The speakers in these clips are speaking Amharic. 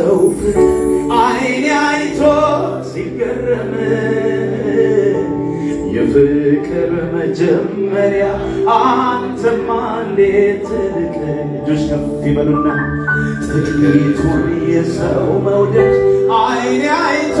ሰው አይኔ አይቶ ሲገረም የፍቅር መጀመሪያ አንተማ እንዴት ትልቅ ልጆች ከፍ ይበሉና ጥቂቱን የሰው መውደድ አይኔ አይቶ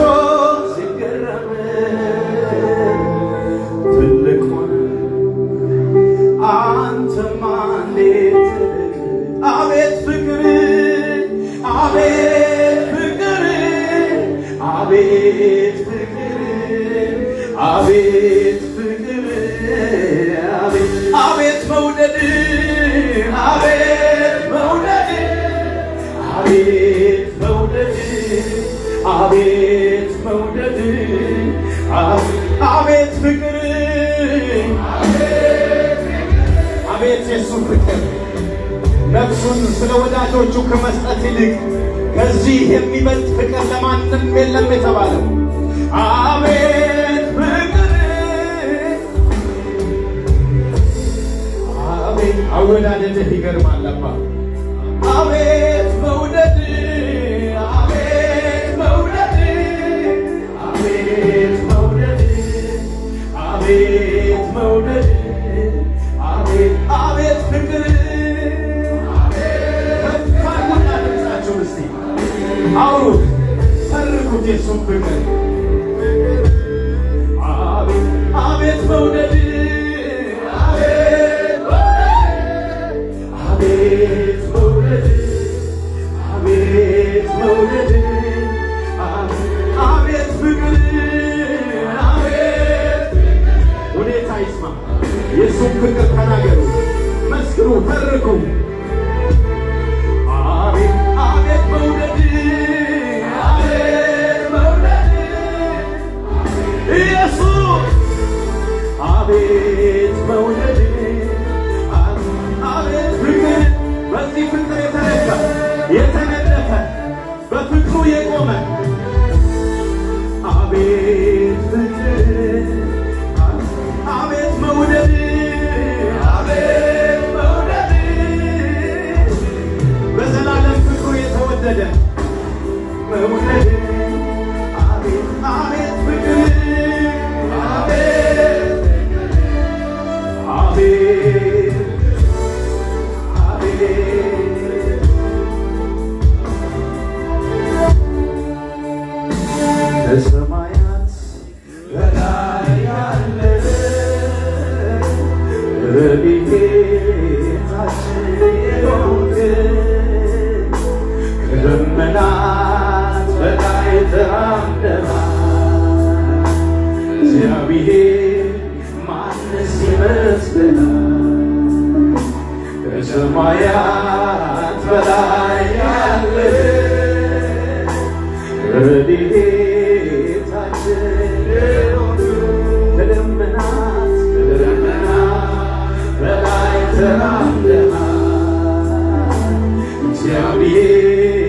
አቤት መውደድ፣ አቤት ፍቅር፣ አቤት የሱ ፍቅር ነፍሱን ስለ ወዳጆቹ ከመስጠት ይልቅ ከዚህ የሚበልጥ ፍቅር ለማንም የለም የተባለው አቤት ፍቅር አቤት አወዳደድህ ይገርማል አባ ቁጭ እሱም አቤት አቤት መውደድ አቤት መውደድ አቤት ፍቅር በዚህ ፍቅር የተነሳ የተነደፈ በፍቅሩ የቆመ አቤት ፍቅር አቤት መውደድ አቤት መውደድ በዘላለም ፍቅሩ የተወደደ ከደመናት በላይ ተራምደናል። እግዚአብሔር ማንስ ይመስለናል? ከሰማያት በላይ ያለ ረድኤታችን ከደመናት በላይ ተራምደናል። እግዚአብሔር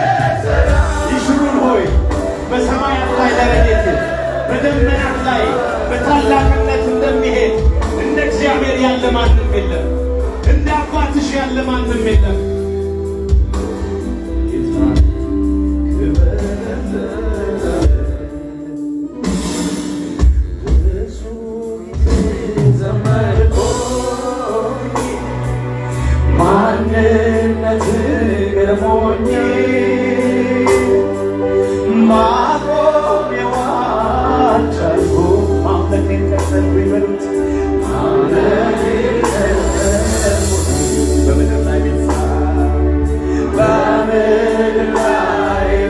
በደመናት ላይ በታላቅነት እንደሚሄድ እንደ እግዚአብሔር ያለ ማንም የለም። እንደ አባትሽ ያለ ማንም የለም።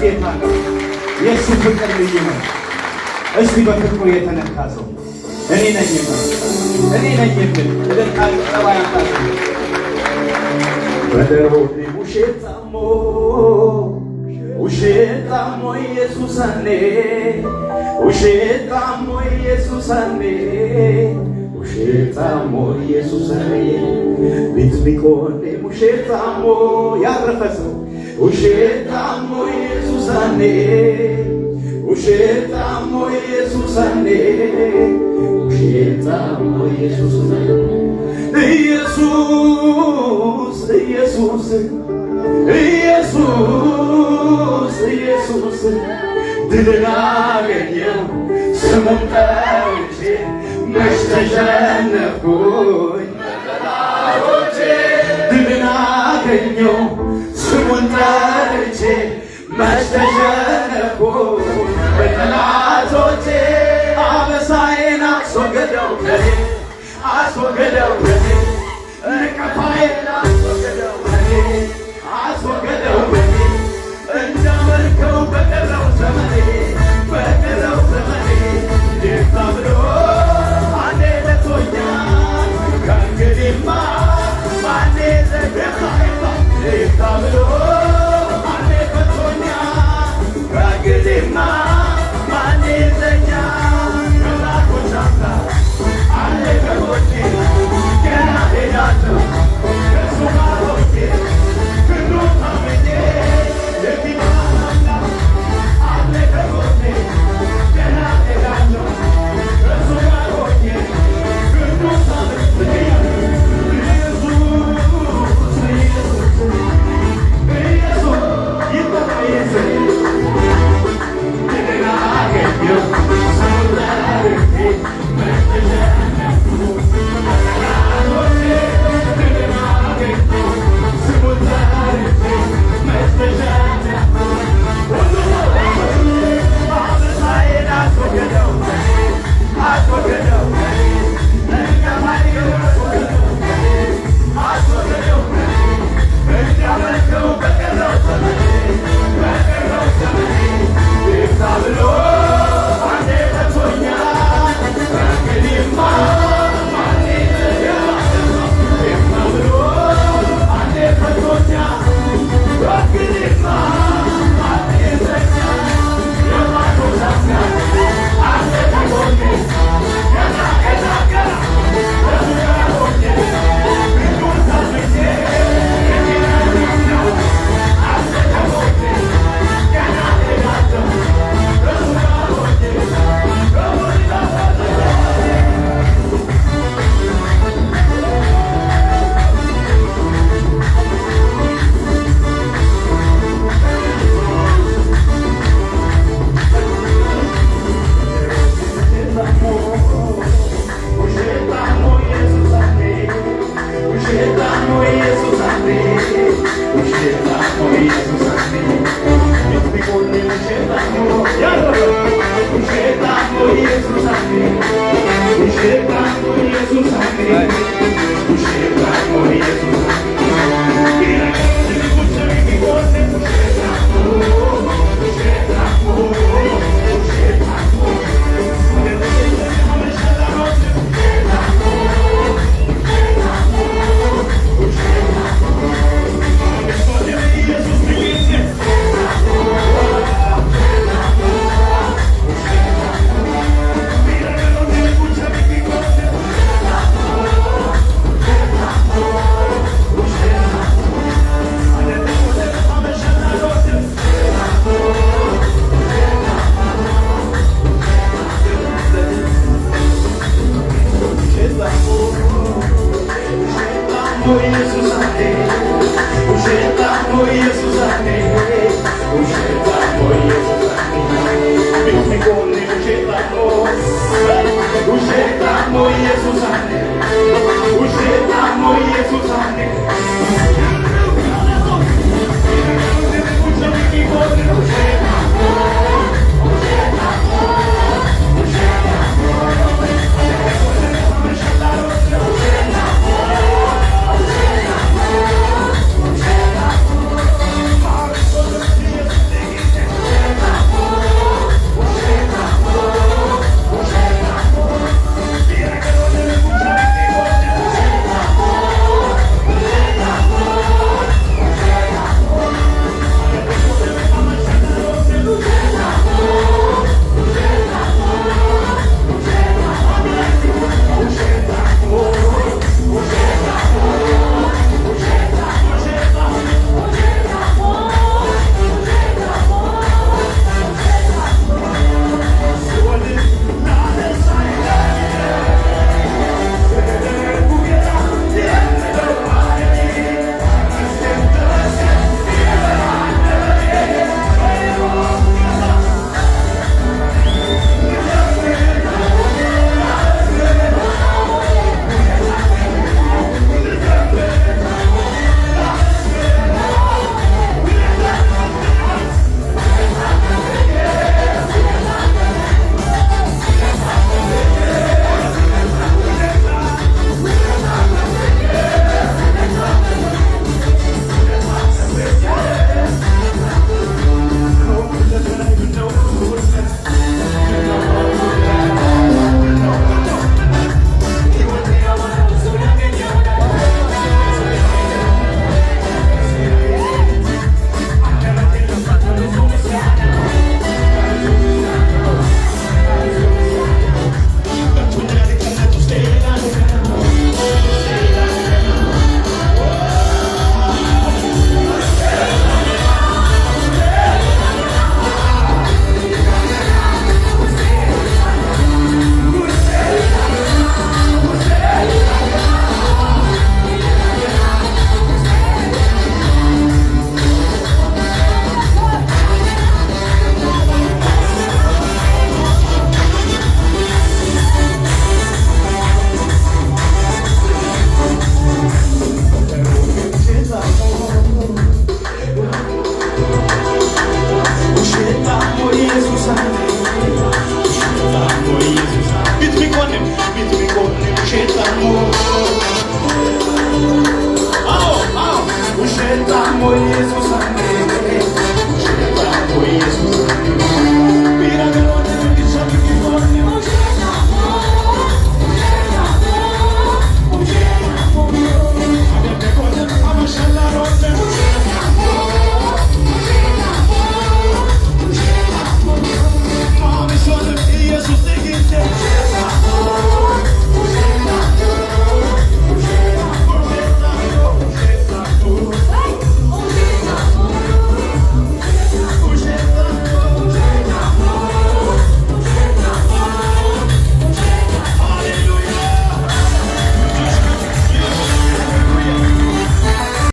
ጌታ ነው። የእሱ ፍቅር ልዩ ነው። እስኪ በፍቅሩ የተነካ ሰው እኔ ነኝ እኔ ነኝ ብል እደቃ ጠባ በደሮ ውሼት ጣሞ ውሼት ጣሞ ኢየሱሳኔ ውሼት ጣሞ ኢየሱሳኔ ውሼታሞ ኢየሱሳኔ ቢትሚቆኔ ውሼታሞ ያረፈ ሰው ውሼታሞ ኢየሱሳኔ ውሸታሞ ኢየሱሳኔ ውሸታሞ ኢየሱሳኔ ኢየሱስ ኢየሱስ ኢየሱስ ኢየሱስ ድልን አገኘው ስሙን ጠርቼ መች ተሸነፍኩኝ መች ተሸነፍኩ በጠላቶቼ አበሳዬን አስወገደው አስወገደው Hallelujah.